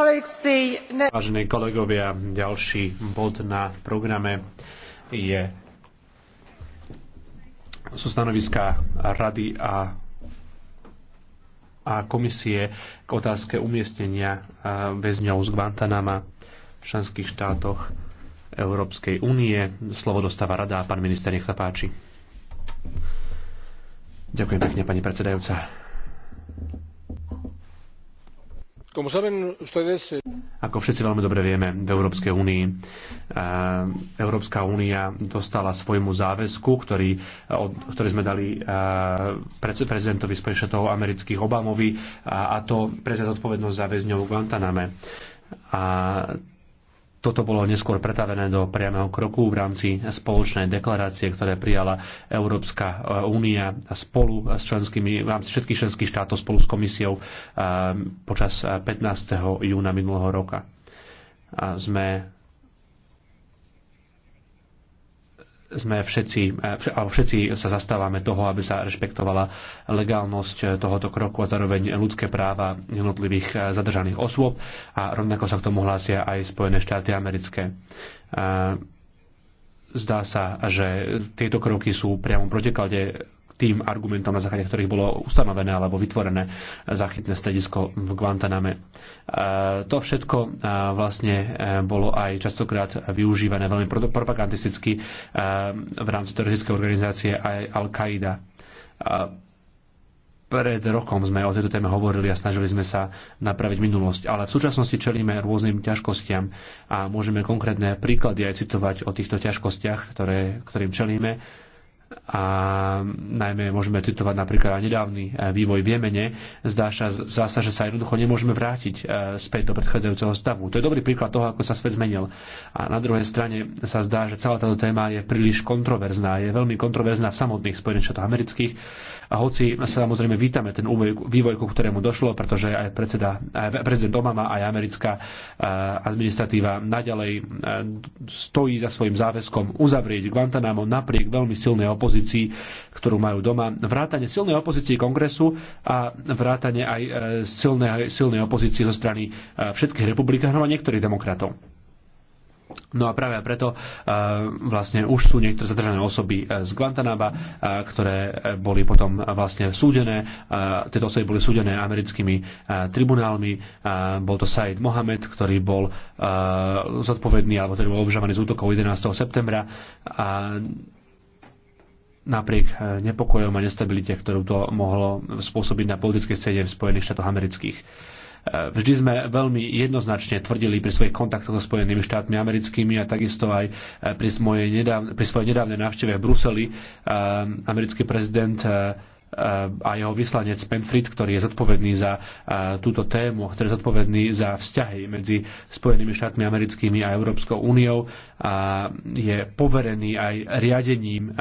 Vážení kolegovia, ďalší bod na programe je sú stanoviská Rady a a komisie k otázke umiestnenia väzňov z Guantanama v členských štátoch Európskej únie. Slovo dostáva rada a pán minister, nech sa páči. Ďakujem pekne, pani predsedajúca. Eh, Ako všetci veľmi dobre vieme, v Európskej únii eh, Európska únia dostala svojmu záväzku, ktorý, eh, ktorý sme dali prezidentovi Spojených amerických Obamovi, a to prezident odpovednosť za väzňov v Guantaname. A toto bolo neskôr pretavené do priameho kroku v rámci spoločnej deklarácie, ktoré prijala Európska e, únia spolu s členskými, v rámci všetkých členských štátov spolu s komisiou e, počas 15. E, júna minulého roka. A sme sme všetci, eh, alebo všetci sa zastávame toho, aby sa rešpektovala legálnosť eh, tohoto kroku a zároveň ľudské práva jednotlivých eh, zadržaných osôb a rovnako sa k tomu hlásia aj Spojené štáty americké. Zdá sa, že tieto kroky sú priamo protiklade tým argumentom, na základe ktorých bolo ustanovené alebo vytvorené záchytné stredisko v Guantaname. E, to všetko e, vlastne e, bolo aj častokrát využívané veľmi propagandisticky v rámci teroristickej organizácie aj Al-Qaida. Pred rokom sme o tejto téme hovorili a snažili sme sa napraviť minulosť, ale v súčasnosti čelíme rôznym ťažkostiam a môžeme konkrétne príklady aj citovať o týchto ťažkostiach, ktoré, ktorým čelíme a najmä môžeme citovať napríklad aj nedávny e, vývoj v Jemene. Zdá sa, zdá sa, že sa jednoducho nemôžeme vrátiť e, späť do predchádzajúceho stavu. To je dobrý príklad toho, ako sa svet zmenil. A na druhej strane sa zdá, že celá táto téma je príliš kontroverzná. Je veľmi kontroverzná v samotných Spojených štátoch amerických. A hoci samozrejme vítame ten vývoj, ku ktorému došlo, pretože aj predseda, aj prezident Obama, aj americká e, administratíva naďalej stojí za svojim záväzkom uzavrieť Guantanamo napriek veľmi silnej opozícii opozícii, ktorú majú doma, vrátane silnej opozícii kongresu a vrátane aj e, silnej, silnej opozícii zo strany e, všetkých republikánov a niektorých demokratov. No a práve preto uh, vlastne už sú niektoré zadržané osoby z Guantanaba, uh, ktoré boli potom vlastne súdené. Uh, tieto osoby boli súdené americkými uh, tribunálmi. Uh, bol to Said Mohamed, ktorý bol uh, zodpovedný, alebo ktorý bol obžavaný z útokov 11. septembra. Uh, napriek e, nepokojom a nestabilite, ktorú to mohlo spôsobiť na politickej scéne v Spojených štátoch amerických. E, vždy sme veľmi jednoznačne tvrdili pri svojich kontaktoch so Spojenými štátmi americkými a takisto aj e, pri, mojej nedávne, pri svojej nedávnej návšteve v Bruseli americký prezident a jeho vyslanec Penfrit, ktorý je zodpovedný za túto tému, ktorý je zodpovedný za vzťahy medzi Spojenými štátmi americkými a Európskou úniou, je poverený aj riadením eh,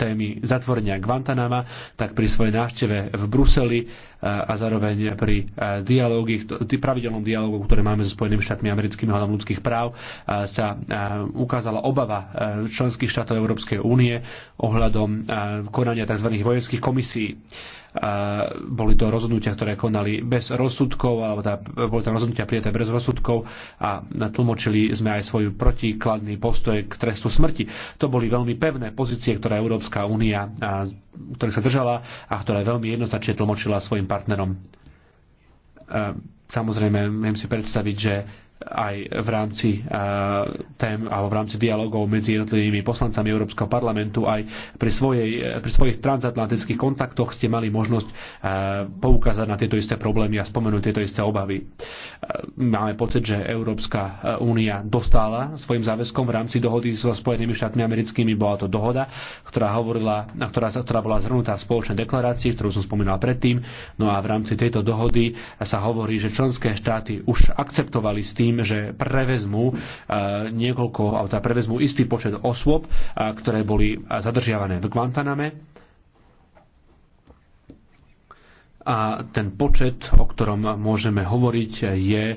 témy zatvorenia Guantanama, tak pri svojej návšteve v Bruseli eh, a zároveň pri eh, dialógi, pravidelnom dialógu, ktoré máme so Spojenými štátmi americkými hľadom ľudských práv, sa ukázala obava členských štátov Európskej únie ohľadom konania tzv. vojenských komisí boli to rozhodnutia, ktoré konali bez rozsudkov, alebo tá, teda boli tam rozhodnutia prijaté bez rozsudkov a tlmočili sme aj svoj protikladný postoj k trestu smrti. To boli veľmi pevné pozície, ktoré Európska únia, ktoré sa držala a ktoré veľmi jednoznačne tlmočila svojim partnerom. Samozrejme, viem si predstaviť, že aj v rámci e, tém alebo v rámci dialogov medzi jednotlivými poslancami Európskeho parlamentu aj pri, svojej, pri svojich transatlantických kontaktoch ste mali možnosť e, poukázať na tieto isté problémy a spomenúť tieto isté obavy. E, máme pocit, že Európska únia dostala svojim záväzkom v rámci dohody so Spojenými štátmi americkými. Bola to dohoda, ktorá, hovorila, ktorá, ktorá bola zhrnutá v spoločnej deklarácii, ktorú som spomínal predtým. No a v rámci tejto dohody sa hovorí, že členské štáty už akceptovali s tým, tým, že prevezmú e, niekoľko, alebo teda prevezmú istý počet osôb, e, ktoré boli zadržiavané v Guantaname a ten počet, o ktorom môžeme hovoriť, je e,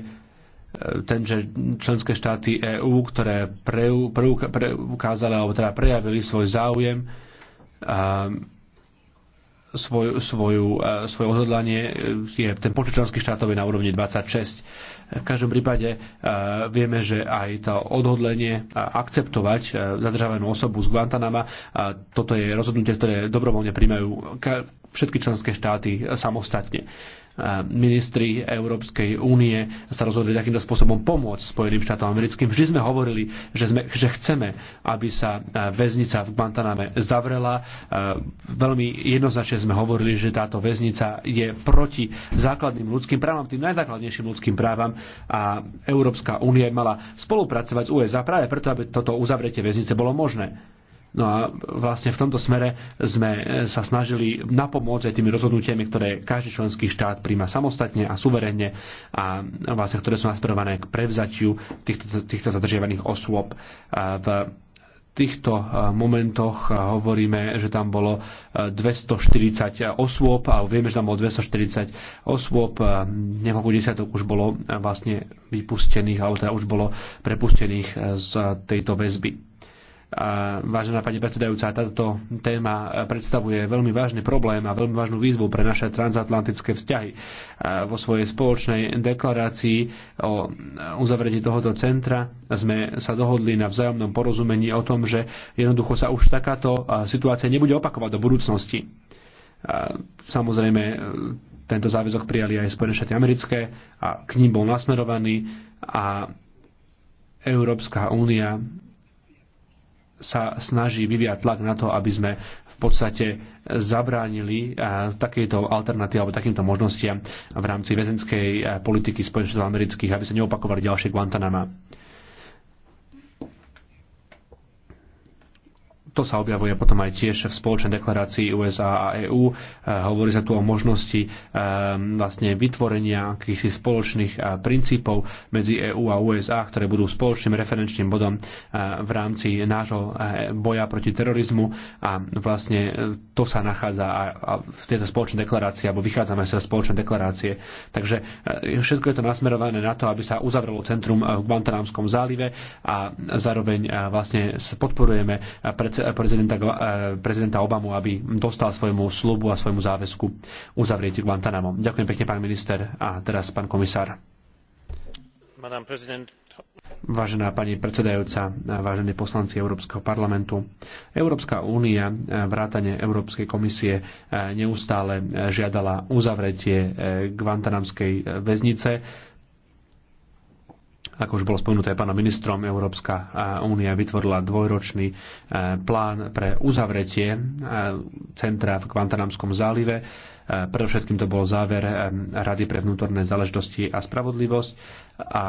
ten, že členské štáty EÚ, ktoré preukázali alebo teda prejavili svoj záujem, svoj, svoju, e, svoje odhodlanie. E, je, ten počet členských štátov je na úrovni 26. V každom prípade e, vieme, že aj to odhodlenie akceptovať zadržavanú osobu z Guantanama, toto je rozhodnutie, ktoré dobrovoľne príjmajú všetky členské štáty samostatne ministri Európskej únie sa rozhodli takýmto spôsobom pomôcť Spojeným štátom americkým. Vždy sme hovorili, že, sme, že chceme, aby sa e, väznica v Guantaname zavrela. E, veľmi jednoznačne sme hovorili, že táto väznica je proti základným ľudským právam, tým najzákladnejším ľudským právam a Európska únia mala spolupracovať s USA práve preto, aby toto uzavretie väznice bolo možné. No a vlastne v tomto smere sme e, sa snažili napomôcť aj tými rozhodnutiami, ktoré každý členský štát príjma samostatne a suverénne a vlastne ktoré sú nasprované k prevzatiu týchto, týchto zadržiavaných osôb v týchto e, momentoch e, hovoríme, že tam bolo 240 osôb, a vieme, že tam bolo 240 osôb, niekoľko desiatok už bolo vlastne vypustených, alebo teda už bolo prepustených z tejto väzby. Vážená pani predsedajúca, táto téma predstavuje veľmi vážny problém a veľmi vážnu výzvu pre naše transatlantické vzťahy. Vo svojej spoločnej deklarácii o uzavretí tohoto centra sme sa dohodli na vzájomnom porozumení o tom, že jednoducho sa už takáto situácia nebude opakovať do budúcnosti. Samozrejme, tento záväzok prijali aj Spojené štáty americké a k ním bol nasmerovaný a Európska únia sa snaží vyviať tlak na to, aby sme v podstate zabránili takéto alternatíve alebo takýmto možnostiam v rámci väzenskej politiky Spojených amerických, aby sa neopakovali ďalšie Guantanama. to sa objavuje potom aj tiež v spoločnej deklarácii USA a EÚ. E, hovorí sa tu o možnosti e, vlastne vytvorenia akýchsi spoločných e, princípov medzi EÚ a USA, ktoré budú spoločným referenčným bodom v rámci nášho boja proti terorizmu a vlastne to sa nachádza aj v tejto spoločnej deklarácii, alebo vychádzame sa spoločnej deklarácie. Takže všetko je to nasmerované na to, aby sa uzavrelo centrum v Guantanámskom zálive a zároveň vlastne podporujeme prezidenta, eh, prezidenta Obamu, aby dostal svojmu slubu a svojmu záväzku uzavrieť Guantanamo. Ďakujem pekne, pán minister. A teraz pán komisár. Vážená pani predsedajúca, vážení poslanci Európskeho parlamentu, Európska únia, eh, vrátane Európskej komisie, eh, neustále žiadala uzavretie Guantanamskej väznice ako už bolo spomenuté pánom ministrom, Európska únia vytvorila dvojročný e, plán pre uzavretie e, centra v kvantanámskom zálive. E, predovšetkým to bol záver Rady pre vnútorné záležitosti a spravodlivosť a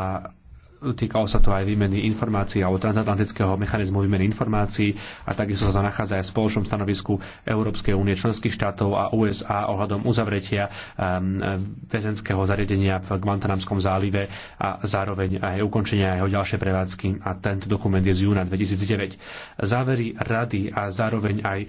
Týkalo sa to aj výmeny informácií alebo transatlantického mechanizmu výmeny informácií a takisto sa to nachádza aj v spoločnom stanovisku Európskej únie členských štátov a USA ohľadom uzavretia ehm, väzenského zariadenia v Guantanamskom zálive a zároveň aj ukončenia jeho ďalšej prevádzky a tento dokument je z júna 2009. Závery rady a zároveň aj eh,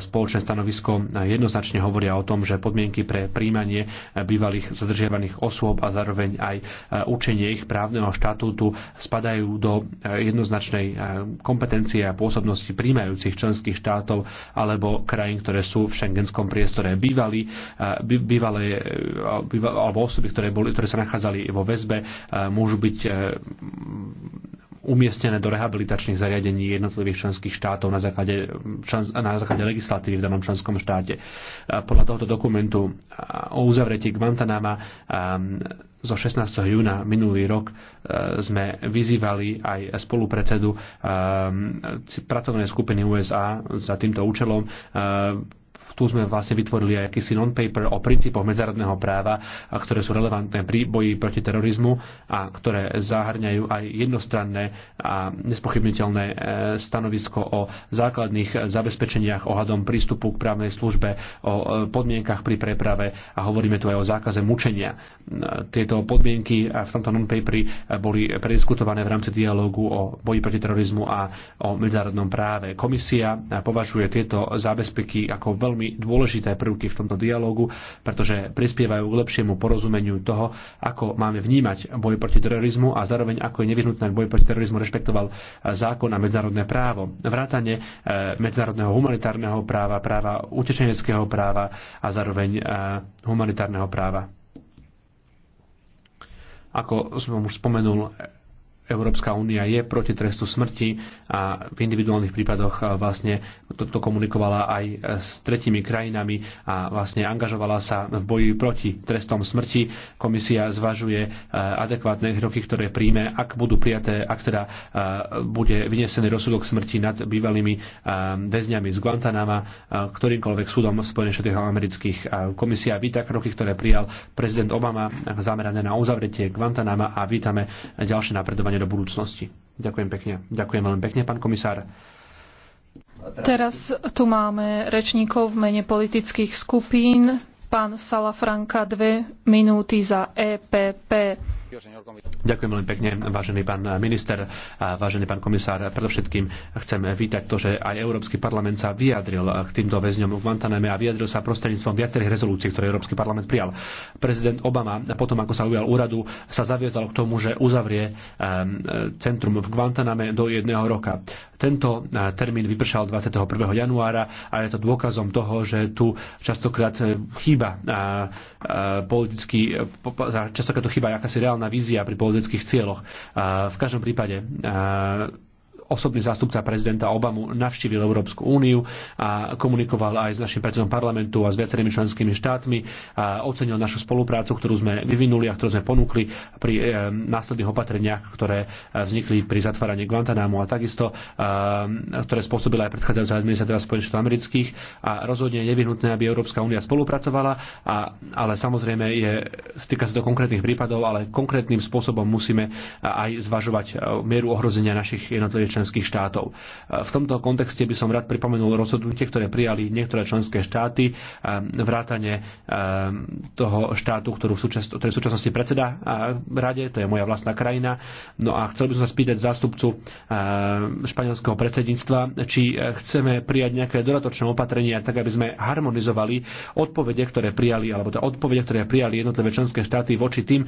spoločné stanovisko jednoznačne hovoria o tom, že podmienky pre príjmanie eh, bývalých zadržiavaných osôb a zároveň aj eh, učenie ich právneho štátu štatútu spadajú do e, jednoznačnej e, kompetencie a pôsobnosti príjmajúcich členských štátov alebo krajín, ktoré sú v šengenskom priestore. Bývali, e, bývalé, bývalé alebo osoby, ktoré, boli, ktoré sa nachádzali vo väzbe, môžu byť umiestnené do rehabilitačných zariadení jednotlivých členských štátov na základe, na základe legislatívy v danom členskom štáte. Podľa tohoto dokumentu o uzavretí Guantanama zo 16. júna minulý rok e, sme vyzývali aj spolupredsedu e, pracovnej skupiny USA za týmto účelom e, tu sme vlastne vytvorili aj akýsi non-paper o princípoch medzárodného práva, ktoré sú relevantné pri boji proti terorizmu a ktoré zahrňajú aj jednostranné a nespochybniteľné e, stanovisko o základných zabezpečeniach ohľadom prístupu k právnej službe, o e, podmienkach pri preprave a hovoríme tu aj o zákaze mučenia. E, tieto podmienky v tomto non-paperi boli prediskutované v rámci dialógu o boji proti terorizmu a o medzárodnom práve. Komisia považuje tieto zábezpeky ako veľmi veľmi dôležité prvky v tomto dialogu, pretože prispievajú k lepšiemu porozumeniu toho, ako máme vnímať boj proti terorizmu a zároveň ako je nevyhnutné, boj proti terorizmu rešpektoval zákon a medzinárodné právo. Vrátanie eh, medzinárodného humanitárneho práva, práva utečeneckého práva a zároveň eh, humanitárneho práva. Ako som už spomenul, Európska únia je proti trestu smrti a v individuálnych prípadoch eh, vlastne toto komunikovala aj eh, s tretimi krajinami a vlastne angažovala sa v boji proti trestom smrti. Komisia zvažuje eh, adekvátne kroky, ktoré príjme, ak budú prijaté, ak teda bude vynesený rozsudok smrti nad bývalými väzňami z Guantanama, ktorýmkoľvek súdom Spojených štátov amerických. Komisia víta kroky, ktoré prijal prezident Obama zamerané na uzavretie Guantanama a vítame ďalšie napredovanie pláne do budúcnosti. Ďakujem pekne. Ďakujem veľmi pekne, pán komisár. Teraz tu máme rečníkov v mene politických skupín. Pán Salafranka, dve minúty za EPP. Ďakujem veľmi pekne, vážený pán minister a vážený pán komisár. Predovšetkým chcem vítať to, že aj Európsky parlament sa vyjadril k týmto väzňom v Guantaname a vyjadril sa prostredníctvom viacerých rezolúcií, ktoré Európsky parlament prijal. Prezident Obama potom, ako sa ujal úradu, sa zaviazal k tomu, že uzavrie ehm, centrum v Guantaname do jedného roka. Tento eh, termín vypršal 21. januára a je to dôkazom toho, že tu častokrát eh, chýba eh, politický, častokrát tu chýba akási reálna vízia pri politických cieľoch. V každom prípade osobný zástupca prezidenta Obamu navštívil Európsku úniu a komunikoval aj s našim predsedom parlamentu a s viacerými členskými štátmi a ocenil našu spoluprácu, ktorú sme vyvinuli a ktorú sme ponúkli pri eh, následných opatreniach, ktoré eh, vznikli pri zatváraní Guantanámu a takisto, eh, ktoré spôsobila aj predchádzajúca administratíva Spojených štátov amerických a rozhodne je nevyhnutné, aby Európska únia spolupracovala, a, ale samozrejme je, týka sa to konkrétnych prípadov, ale konkrétnym spôsobom musíme aj zvažovať mieru ohrozenia našich jednotlivých členských štátov. E, v tomto kontexte by som rád pripomenul rozhodnutie, ktoré prijali niektoré členské štáty, e, vrátane e, toho štátu, ktorú v súčas, ktorý v súčasnosti predseda rade, to je moja vlastná krajina. No a chcel by som sa spýtať zástupcu španielského predsedníctva, či chceme prijať nejaké dodatočné opatrenia, tak aby sme harmonizovali odpovede, ktoré prijali, alebo teda odpovede, ktoré prijali jednotlivé členské štáty voči tým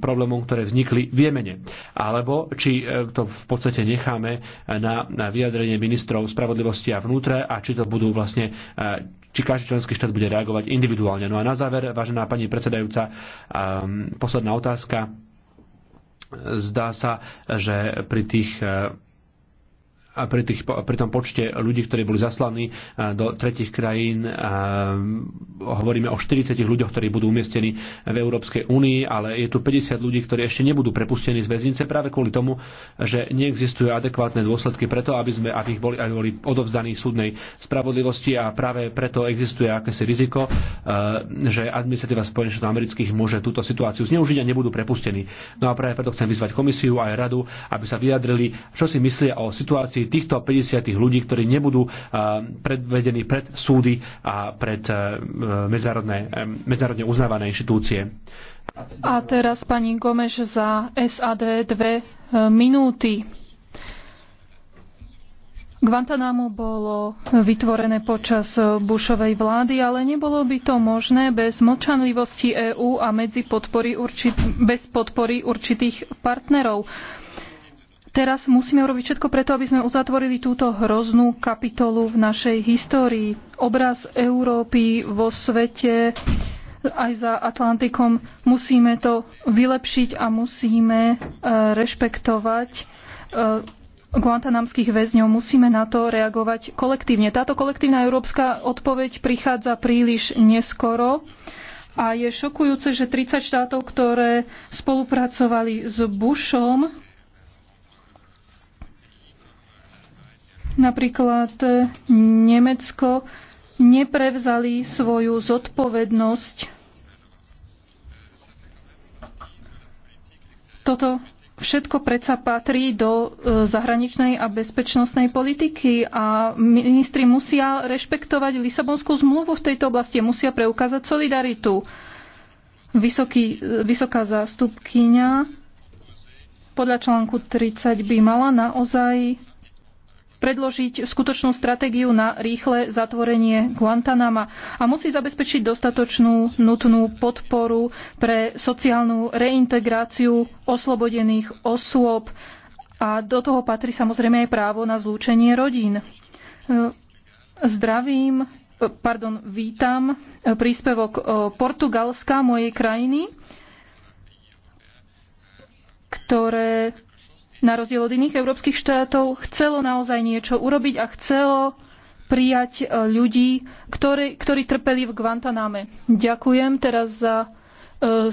problémom, ktoré vznikli v Jemene. Alebo či to v podstate necháme na, na vyjadrenie ministrov spravodlivosti a vnútre a či to budú vlastne e, či každý členský štát bude reagovať individuálne. No a na záver, vážená pani predsedajúca, um, posledná otázka zdá sa, že pri tých e, pri, tých, pri tom počte ľudí, ktorí boli zaslaní do tretich krajín, hovoríme o 40 ľuďoch, ktorí budú umiestnení v Európskej únii, ale je tu 50 ľudí, ktorí ešte nebudú prepustení z väznice práve kvôli tomu, že neexistujú adekvátne dôsledky preto, aby, sme, aby ich boli, aby boli odovzdaní súdnej spravodlivosti a práve preto existuje akési riziko, že administratíva Spojených štátov amerických môže túto situáciu zneužiť a nebudú prepustení. No a práve preto chcem vyzvať komisiu a aj radu, aby sa vyjadrili, čo si myslia o situácii týchto 50 ľudí, ktorí nebudú predvedení pred súdy a pred medzárodne uznávané inštitúcie. A teraz pani Gomeš za SAD dve e, minúty. Guantanamo bolo vytvorené počas Bushovej vlády, ale nebolo by to možné bez mlčanlivosti EÚ a medzi podpory určit- bez podpory určitých partnerov. Teraz musíme urobiť všetko preto, aby sme uzatvorili túto hroznú kapitolu v našej histórii. Obraz Európy vo svete aj za Atlantikom musíme to vylepšiť a musíme e, rešpektovať e, guantanamských väzňov. Musíme na to reagovať kolektívne. Táto kolektívna európska odpoveď prichádza príliš neskoro. A je šokujúce, že 30 štátov, ktoré spolupracovali s Bushom, Napríklad e, Nemecko neprevzali svoju zodpovednosť. Toto všetko predsa patrí do e, zahraničnej a bezpečnostnej politiky a ministri musia rešpektovať Lisabonskú zmluvu v tejto oblasti, musia preukázať solidaritu. Vysoký, e, vysoká zástupkyňa podľa článku 30 by mala naozaj predložiť skutočnú stratégiu na rýchle zatvorenie Guantanama a musí zabezpečiť dostatočnú nutnú podporu pre sociálnu reintegráciu oslobodených osôb a do toho patrí samozrejme aj právo na zlúčenie rodín. E, zdravím, e, pardon, vítam e, príspevok Portugalska, mojej krajiny, ktoré na rozdiel od iných európskych štátov, chcelo naozaj niečo urobiť a chcelo prijať e, ľudí, ktorí, ktorí trpeli v Guantaname. Ďakujem teraz za e,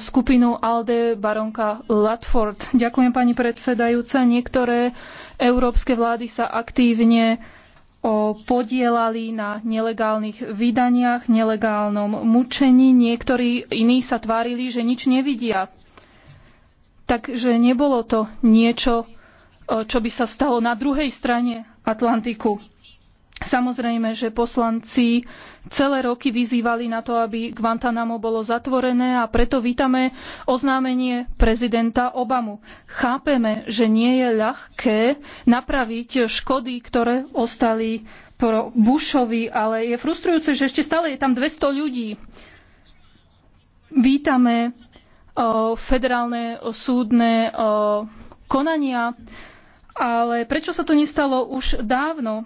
skupinu ALDE baronka Latford. Ďakujem pani predsedajúca. Niektoré európske vlády sa aktívne e, podielali na nelegálnych vydaniach, nelegálnom mučení. Niektorí iní sa tvárili, že nič nevidia. Takže nebolo to niečo, čo by sa stalo na druhej strane Atlantiku. Samozrejme, že poslanci celé roky vyzývali na to, aby Guantanamo bolo zatvorené a preto vítame oznámenie prezidenta Obamu. Chápeme, že nie je ľahké napraviť škody, ktoré ostali pro Bushovi, ale je frustrujúce, že ešte stále je tam 200 ľudí. Vítame federálne súdne konania. Ale prečo sa to nestalo už dávno?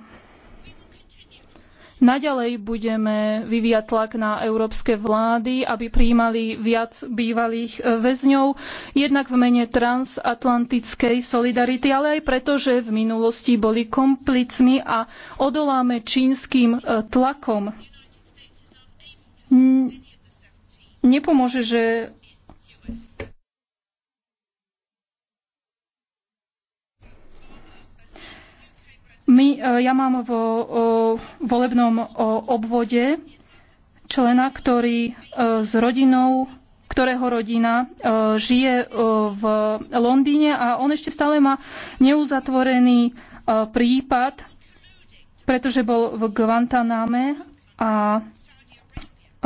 Naďalej budeme vyvíjať tlak na európske vlády, aby prijímali viac bývalých e, väzňov, jednak v mene transatlantickej solidarity, ale aj preto, že v minulosti boli komplicmi a odoláme čínskym e, tlakom. Nepomôže, že my, e, ja mám vo volebnom obvode člena, ktorý e, s rodinou, ktorého rodina e, žije v Londýne a on ešte stále má neuzatvorený prípad, pretože bol v Guantaname a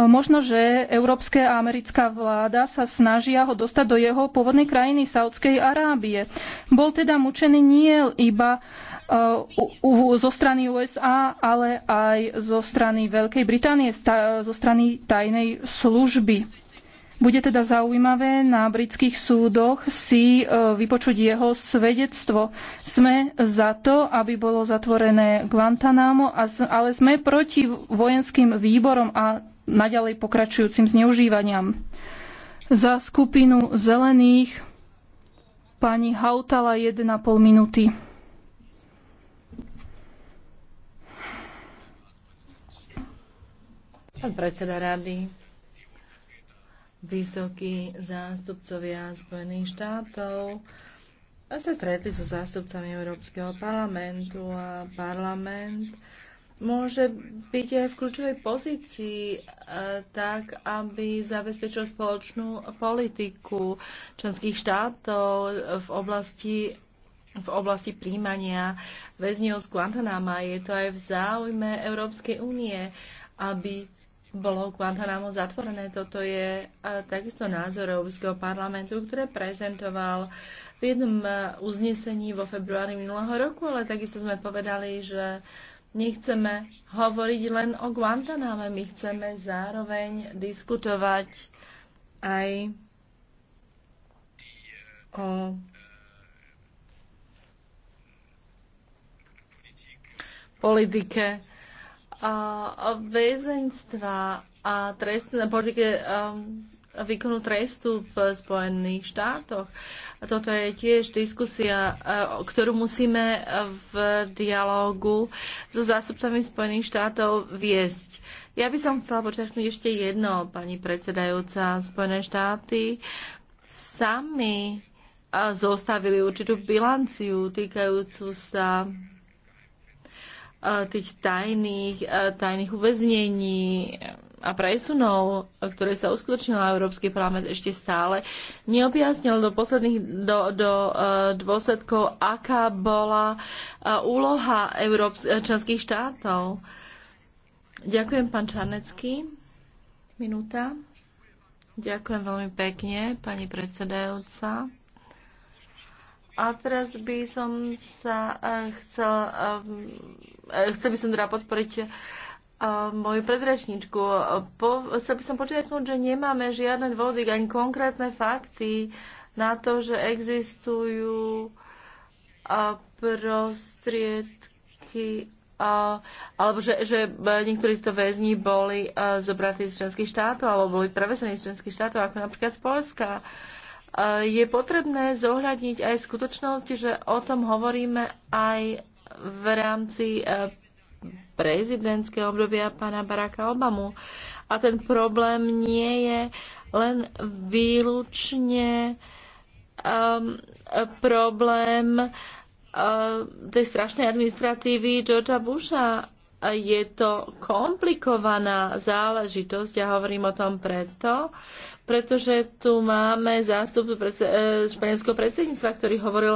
Možno, že európska a americká vláda sa snažia ho dostať do jeho pôvodnej krajiny Saudskej Arábie. Bol teda mučený nie iba uh, zo strany USA, ale aj zo strany Veľkej Británie, zo strany tajnej služby. Bude teda zaujímavé na britských súdoch si uh, vypočuť jeho svedectvo. Sme za to, aby bolo zatvorené Guantanamo, ale sme proti vojenským výborom a naďalej pokračujúcim zneužívaniam. Za skupinu zelených pani Hautala 1,5 minúty. Pán predseda rady, vysokí zástupcovia Spojených štátov sa stretli so zástupcami Európskeho parlamentu a parlament môže byť aj v kľúčovej pozícii, e, tak aby zabezpečil spoločnú politiku členských štátov v oblasti v oblasti príjmania väzňov z Guantanama. Je to aj v záujme Európskej únie, aby bolo Guantanamo zatvorené. Toto je e, takisto názor Európskeho parlamentu, ktoré prezentoval v jednom uznesení vo februári minulého roku, ale takisto sme povedali, že nechceme hovoriť len o Guantaname, my chceme zároveň diskutovať aj o politike a, a väzenstva a trestné politike um, výkonu trestu v Spojených štátoch. A toto je tiež diskusia, e, ktorú musíme v dialógu so zástupcami Spojených štátov viesť. Ja by som chcela počerknúť ešte jedno, pani predsedajúca. Spojené štáty sami e, zostavili určitú bilanciu týkajúcu sa e, tých tajných, tajných uväznení a presunov, ktoré sa uskutočnila Európsky parlament ešte stále, neobjasnil do posledných do, do e, dôsledkov, aká bola e, úloha Európs- e, členských štátov. Ďakujem, pán Čarnecký. Minúta. Ďakujem veľmi pekne, pani predsedajúca. A teraz by som sa chcela, chcel by som teda podporiť moju predrečničku. E, po, chcel by som počiatnúť, že nemáme žiadne dôvody ani konkrétne fakty na to, že existujú prostriedky alebo že, že e, niektorí z to väzni boli e, zobratí z členských štátov alebo boli prevezení z členských štátov, ako napríklad z Polska. Je potrebné zohľadniť aj skutočnosť, že o tom hovoríme aj v rámci prezidentského obdobia pána Baracka Obamu. A ten problém nie je len výlučne um, problém um, tej strašnej administratívy Georgia Busha. Je to komplikovaná záležitosť, ja hovorím o tom preto, pretože tu máme zástup eh, španielského predsedníctva, ktorý hovoril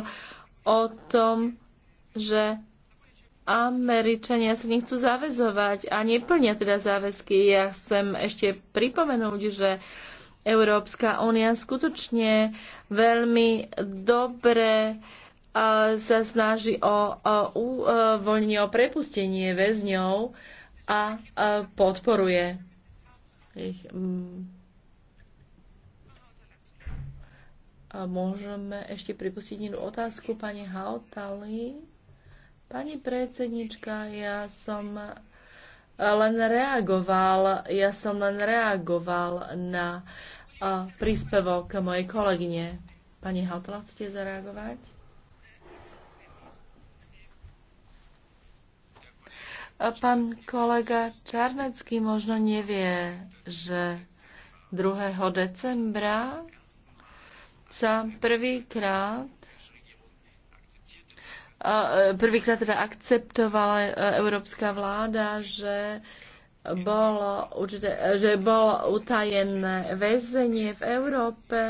o tom, že Američania sa nechcú zavezovať a neplnia teda záväzky. Ja chcem ešte pripomenúť, že Európska únia skutočne veľmi dobre sa snaží o e, uvoľnenie, o prepustenie väzňov a e, podporuje ich. Mm. Môžeme ešte pripustiť jednu otázku, pani Hautali. Pani predsednička, ja som len reagoval, ja som len reagoval na uh, príspevok mojej kolegyne. Pani Hautala, chcete zareagovať? A pán kolega Čarnecký možno nevie, že 2. decembra sa prvýkrát E, prvýkrát teda akceptovala e, európska vláda, že bolo, určite, že bolo utajené väzenie v Európe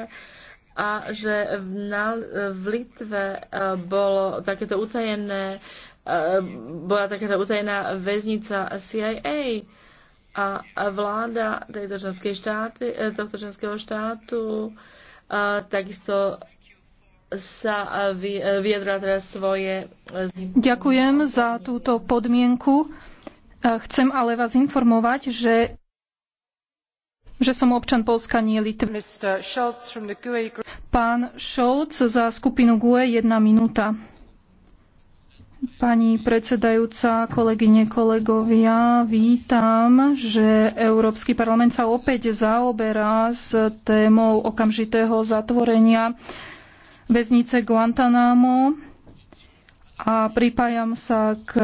a že v, na, v Litve e, bolo takéto utajené, bola takáto utajená väznica CIA a vláda tejto štáty, tohto členského štátu takisto sa e, teraz svoje... E, Ďakujem za túto podmienku. E, chcem ale vás informovať, že že som občan Polska, nie Litvy. Pán Scholz za skupinu GUE, jedna minúta. Pani predsedajúca, kolegyne, kolegovia, vítam, že Európsky parlament sa opäť zaoberá s témou okamžitého zatvorenia väznice Guantanamo a pripájam sa k,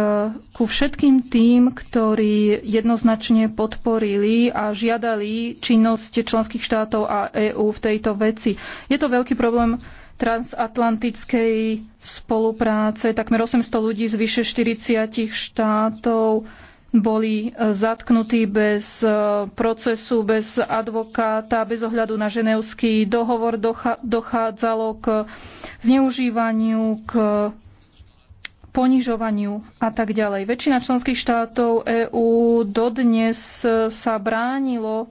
ku všetkým tým, ktorí jednoznačne podporili a žiadali činnosť členských štátov a EÚ v tejto veci. Je to veľký problém transatlantickej spolupráce. Takmer 800 ľudí z vyše 40 štátov boli e, zatknutí bez e, procesu, bez advokáta, bez ohľadu na ženevský dohovor. Dochádzalo k zneužívaniu, k ponižovaniu a tak ďalej. Väčšina členských štátov EÚ dodnes e, sa bránilo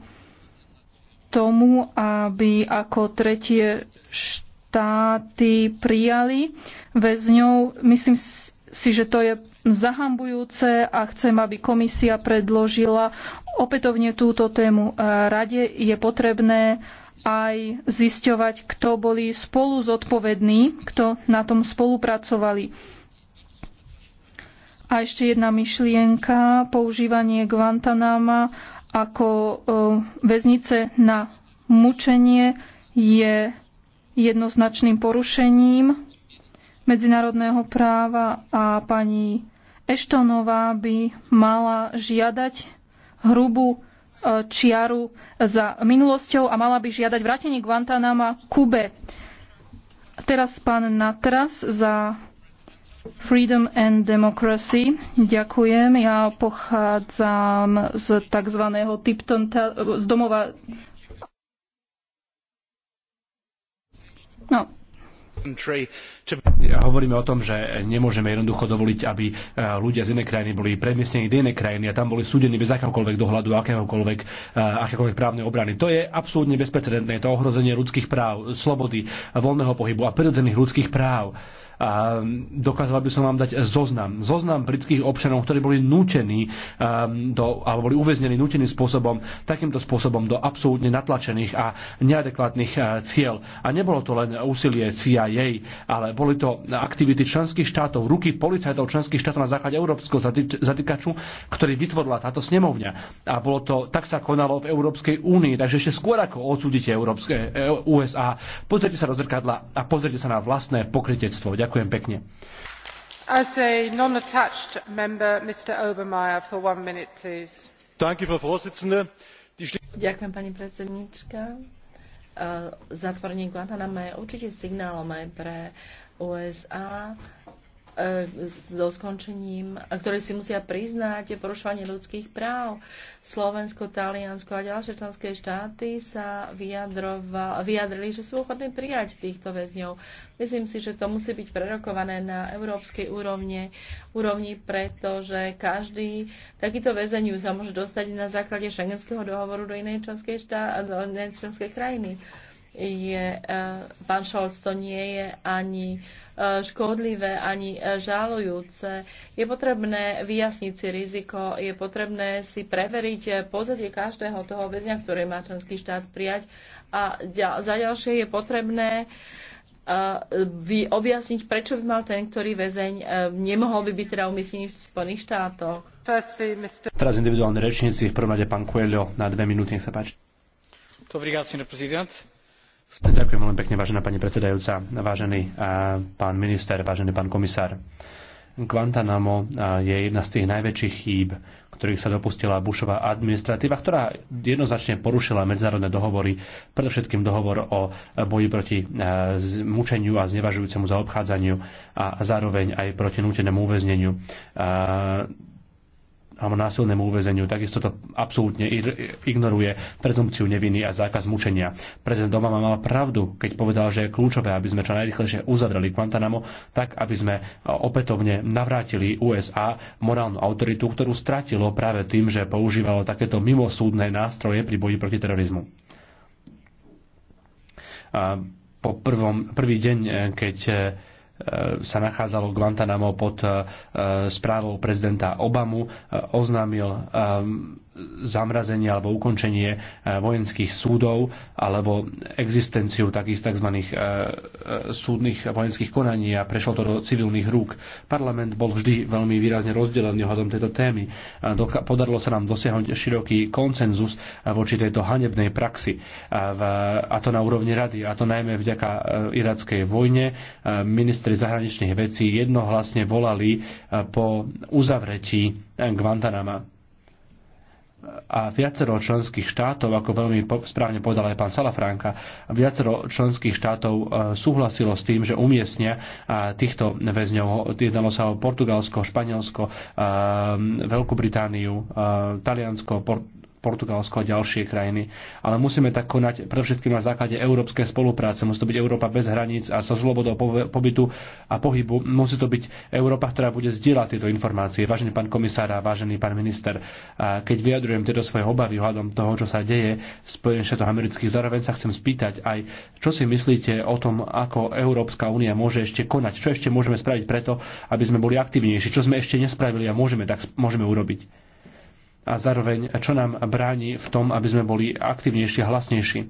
tomu, aby ako tretie štáty prijali väzňov. Myslím si, že to je zahambujúce a chcem, aby komisia predložila opätovne túto tému e, rade. Je potrebné aj zisťovať, kto boli spolu zodpovední, kto na tom spolupracovali. A ešte jedna myšlienka, používanie Guantanama ako e, väznice na mučenie je jednoznačným porušením medzinárodného práva a pani Eštonová by mala žiadať hrubú e, čiaru za minulosťou a mala by žiadať vrátenie Guantanama Kube. Teraz pán Natras za Freedom and Democracy. Ďakujem. Ja pochádzam z tzv. Tipton, z domova... No, Hovoríme o tom, že nemôžeme jednoducho dovoliť, aby e, ľudia z inej krajiny boli premiestnení do inej krajiny a tam boli súdení bez akéhokoľvek dohľadu, akéhokoľvek, e, akéhokoľvek právnej obrany. To je absolútne bezprecedentné, je to ohrozenie ľudských práv, slobody, voľného pohybu a prirodzených ľudských práv. A dokázala by som vám dať zoznam. Zoznam britských občanov, ktorí boli nútení ehm, do, alebo boli uväznení núteným spôsobom, takýmto spôsobom do absolútne natlačených a neadekvátnych eh, cieľ. A nebolo to len úsilie CIA, ale boli to aktivity členských štátov, ruky policajtov členských štátov na základe európskeho zatýkaču, ktorý vytvorila táto snemovňa. A bolo to, tak sa konalo v Európskej únii, takže ešte skôr ako odsúdite Európske, eh, USA, pozrite sa do zrkadla a pozrite sa na vlastné pokrytectvo. Ďakujem. Ďakujem pekne. Member, Obermeier, minute, Ďakujem, pani predsednička. E, zatvorenie Guantanama je určite signálom aj pre USA, E, so skončením, ktoré si musia priznať porušovanie ľudských práv. Slovensko, Taliansko a ďalšie členské štáty sa vyjadrili, že sú ochotní prijať týchto väzňov. Myslím si, že to musí byť prerokované na európskej úrovne, úrovni, pretože každý takýto väzeniu sa môže dostať na základe šengenského dohovoru do inej členskej, štá, do inej členskej krajiny je, e, pán Scholz, to nie je ani e, škodlivé, ani e, žalujúce. Je potrebné vyjasniť si riziko, je potrebné si preveriť pozadie každého toho väzňa, ktorý má členský štát prijať a za ďalšie je potrebné objasniť, prečo by mal ten, ktorý väzeň nemohol by byť teda umiestnený v Spojených štátoch. Teraz individuálni rečníci, v prvom rade pán Coelho na dve minúty, nech sa páči. Obrigado, Ďakujem veľmi pekne, vážená pani predsedajúca, vážený pán minister, vážený pán komisár. Guantanamo je jedna z tých najväčších chýb, ktorých sa dopustila Bushová administratíva, ktorá jednoznačne porušila medzinárodné dohovory, predovšetkým dohovor o boji proti mučeniu a znevažujúcemu zaobchádzaniu a zároveň aj proti nútenému uväzneniu alebo násilnému uväzeniu. Takisto to absolútne ignoruje prezumpciu neviny a zákaz mučenia. Prezident Obama mal pravdu, keď povedal, že je kľúčové, aby sme čo najrychlejšie uzavreli Guantanamo, tak aby sme e, opätovne navrátili USA morálnu autoritu, ktorú stratilo práve tým, že používalo takéto mimosúdne nástroje pri boji proti terorizmu. A po prvom, prvý deň, e, keď e, E, sa nachádzalo Guantanamo pod e, e, správou prezidenta Obamu, oznámil zamrazenie alebo ukončenie e, vojenských súdov alebo existenciu takých tzv. E, e, súdnych vojenských konaní a prešlo to do civilných rúk. Parlament bol vždy veľmi výrazne rozdelený ohľadom tejto témy. Podarilo sa nám dosiahnuť široký koncenzus voči tejto hanebnej praxi a to na úrovni rady a to najmä vďaka irackej vojne. Ministri zahraničných vecí jednohlasne volali po uzavretí Guantanama a viacero členských štátov, ako veľmi správne povedal aj pán Salafranka, viacero členských štátov e, súhlasilo s tým, že umiestnia e, týchto väzňov. Jednalo sa o Portugalsko, Španielsko, e, Veľkú Britániu, Taliansko, Port- Portugalsko a ďalšie krajiny. Ale musíme tak konať predovšetkým na základe európskej spolupráce. Musí to byť Európa bez hraníc a so slobodou pobytu a pohybu. Musí to byť Európa, ktorá bude zdieľať tieto informácie. Vážený pán komisár a vážený pán minister, a keď vyjadrujem tieto svoje obavy ohľadom toho, čo sa deje v Spojených štátoch amerických, zároveň sa chcem spýtať aj, čo si myslíte o tom, ako Európska únia môže ešte konať, čo ešte môžeme spraviť preto, aby sme boli aktívnejší, čo sme ešte nespravili a môžeme, tak, môžeme urobiť a zároveň čo nám bráni v tom, aby sme boli aktivnejší a hlasnejší.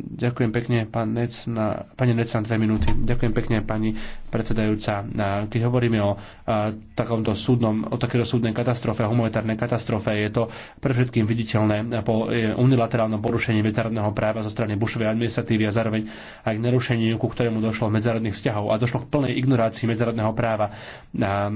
Ďakujem pekne, pán Nec, na, pani Nec, na dve minúty. Ďakujem pekne, pani predsedajúca. Keď hovoríme o a, takomto súdnom, o takéto súdnej katastrofe, humanitárnej katastrofe, je to pre všetkým viditeľné po e, unilaterálnom porušení medzinárodného práva zo strany Bushovej administratívy a zároveň aj k narušeniu, ku ktorému došlo medzárodných vzťahov a došlo k plnej ignorácii medzinárodného práva. A,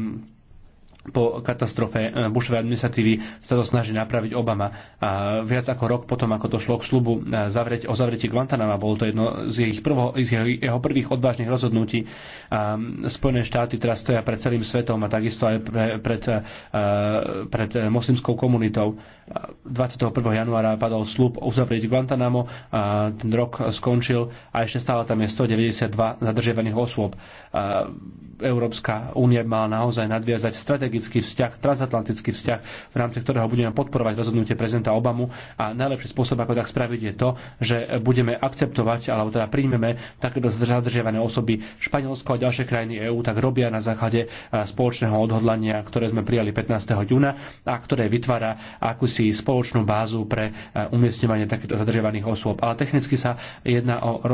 po katastrofe eh, Bushovej administratívy sa to snaží napraviť Obama. A viac ako rok potom, ako došlo k slubu eh, zavrieť, o zavretí Guantanama, bolo to jedno z, ich prvo, z jeho, jeho prvých odvážnych rozhodnutí. A mm, Spojené štáty teraz stoja pred celým svetom a takisto aj pre, pred, eh, pred moslimskou komunitou. 21. januára padol slub uzavrieť Guantanamo a ten rok skončil a ešte stále tam je 192 zadržiavaných osôb. A Európska únia má naozaj nadviazať strategický vzťah, transatlantický vzťah, v rámci ktorého budeme podporovať rozhodnutie prezidenta Obamu a najlepší spôsob, ako tak spraviť, je to, že budeme akceptovať, alebo teda príjmeme takéto zadržiavané osoby. Španielsko a ďalšie krajiny EÚ tak robia na základe e, spoločného odhodlania, ktoré sme prijali 15. júna a ktoré vytvára akúsi spoločnú bázu pre e, umiestňovanie takýchto zadržiavaných osôb. Ale technicky sa jedná o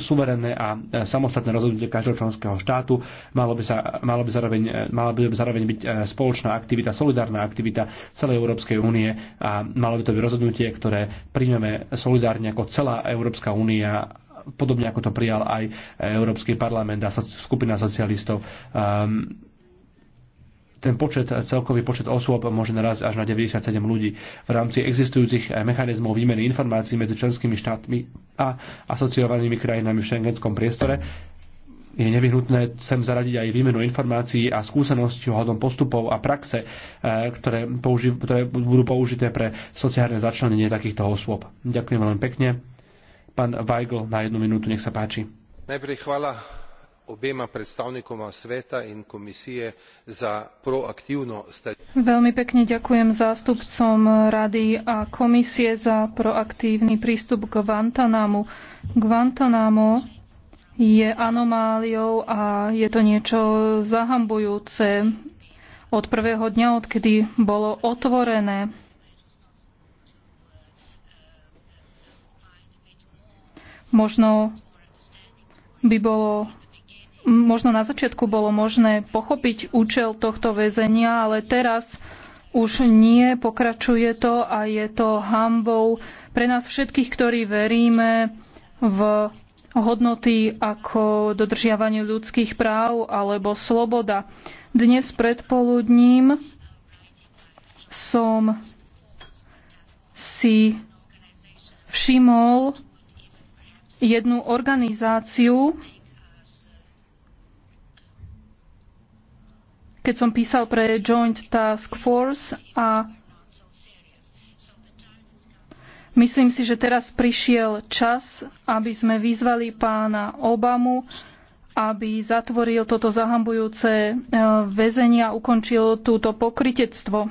suverénne a e, samostatné rozhodnutie každého členského štátu. Má malo by, sa, malo by, zároveň, e, malo by zároveň byť e, spoločná aktivita, solidárna aktivita celej Európskej únie a malo by to byť rozhodnutie, ktoré príjmeme solidárne ako celá Európska únia podobne ako to prijal aj e, Európsky parlament a skupina socialistov. Um, ten počet, celkový počet osôb môže narazť až na 97 ľudí. V rámci existujúcich mechanizmov výmeny informácií medzi členskými štátmi a asociovanými krajinami v šengenskom priestore je nevyhnutné sem zaradiť aj výmenu informácií a skúseností ohľadom postupov a praxe, eh, ktoré, použi- ktoré budú použité pre sociálne začlenenie takýchto osôb. Ďakujem veľmi pekne. Pán Weigl na jednu minútu, nech sa páči. Najprv chvála obema predstavníkoma sveta in komisie za proaktívno Veľmi pekne ďakujem zástupcom rady a komisie za proaktívny prístup k Guantanamu. Guantanamo je anomáliou a je to niečo zahambujúce od prvého dňa, odkedy bolo otvorené. Možno by bolo možno na začiatku bolo možné pochopiť účel tohto väzenia, ale teraz už nie, pokračuje to a je to hambou pre nás všetkých, ktorí veríme v hodnoty ako dodržiavanie ľudských práv alebo sloboda. Dnes predpoludním som si všimol jednu organizáciu, keď som písal pre Joint Task Force a Myslím si, že teraz prišiel čas, aby sme vyzvali pána Obamu, aby zatvoril toto zahambujúce eh, väzenie a ukončil túto pokritectvo.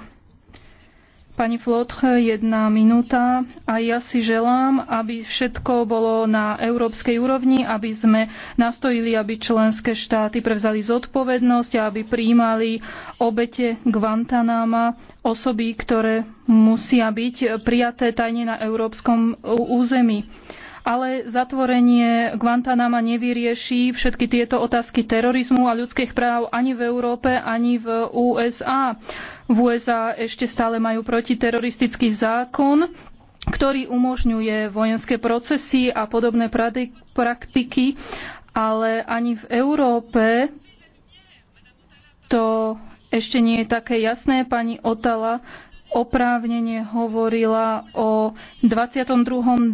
Pani Flotch, jedna minúta. A ja si želám, aby všetko bolo na európskej úrovni, aby sme nastojili, aby členské štáty prevzali zodpovednosť a aby prijímali obete Guantanama, osoby, ktoré musia byť prijaté tajne na európskom území. Ale zatvorenie Guantanama nevyrieši všetky tieto otázky terorizmu a ľudských práv ani v Európe, ani v USA. V USA ešte stále majú protiteroristický zákon, ktorý umožňuje vojenské procesy a podobné praktiky, ale ani v Európe to ešte nie je také jasné. Pani Otala oprávnene hovorila o 22.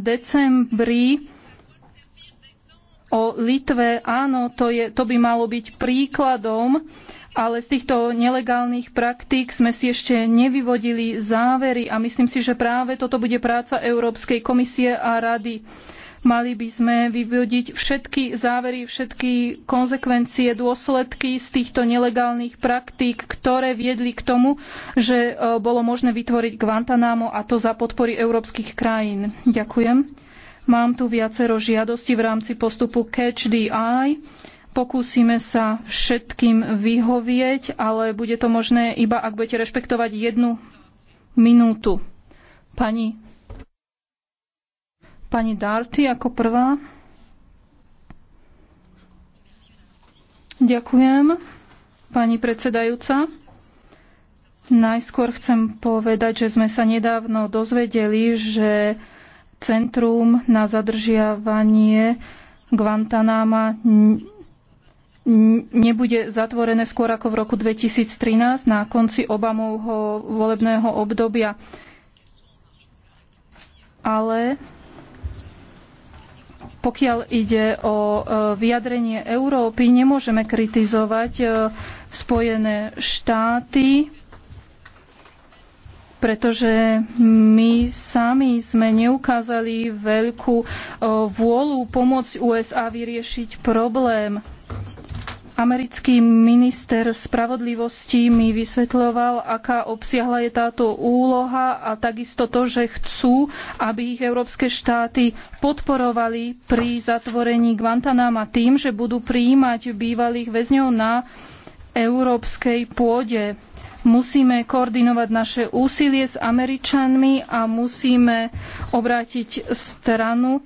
decembri o Litve. Áno, to, je, to by malo byť príkladom ale z týchto nelegálnych praktík sme si ešte nevyvodili závery a myslím si, že práve toto bude práca Európskej komisie a rady. Mali by sme vyvodiť všetky závery, všetky konzekvencie, dôsledky z týchto nelegálnych praktík, ktoré viedli k tomu, že e, bolo možné vytvoriť Guantanamo a to za podpory európskych krajín. Ďakujem. Mám tu viacero žiadostí v rámci postupu Catch the Eye. Pokúsime sa všetkým vyhovieť, ale bude to možné iba, ak budete rešpektovať jednu minútu. Pani, pani Darty ako prvá. Ďakujem, pani predsedajúca. Najskôr chcem povedať, že sme sa nedávno dozvedeli, že Centrum na zadržiavanie Guantanama nebude zatvorené skôr ako v roku 2013 na konci Obamovho volebného obdobia. Ale pokiaľ ide o e, vyjadrenie Európy, nemôžeme kritizovať e, Spojené štáty, pretože my sami sme neukázali veľkú e, vôľu pomôcť USA vyriešiť problém. Americký minister spravodlivosti mi vysvetľoval, aká obsiahla je táto úloha a takisto to, že chcú, aby ich európske štáty podporovali pri zatvorení Guantanama tým, že budú prijímať bývalých väzňov na európskej pôde. Musíme koordinovať naše úsilie s Američanmi a musíme obrátiť stranu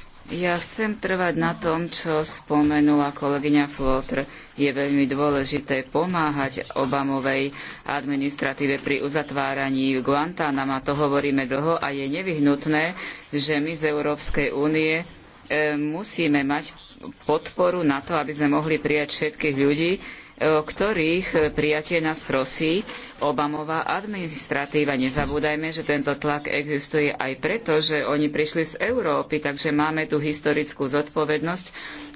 Ja chcem trvať na tom, čo spomenula kolegyňa Flotr. Je veľmi dôležité pomáhať Obamovej administratíve pri uzatváraní Guantánama. To hovoríme dlho a je nevyhnutné, že my z Európskej únie e, musíme mať podporu na to, aby sme mohli prijať všetkých ľudí, E, ktorých prijatie nás prosí Obamová administratíva. Nezabúdajme, že tento tlak existuje aj preto, že oni prišli z Európy, takže máme tu historickú zodpovednosť,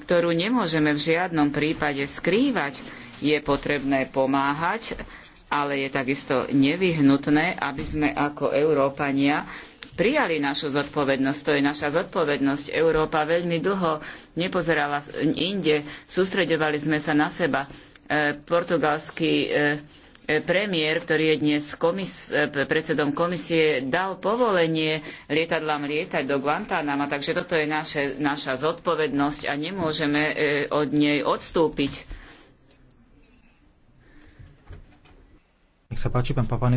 ktorú nemôžeme v žiadnom prípade skrývať. Je potrebné pomáhať, ale je takisto nevyhnutné, aby sme ako Európania prijali našu zodpovednosť. To je naša zodpovednosť. Európa veľmi dlho nepozerala inde, sústreďovali sme sa na seba E, portugalský e, e, premiér, ktorý je dnes komis predsedom komisie, dal povolenie lietadlám lietať do Guantánama, takže toto je naše, naša zodpovednosť a nemôžeme od nej odstúpiť. Nech sa páči, pán Papa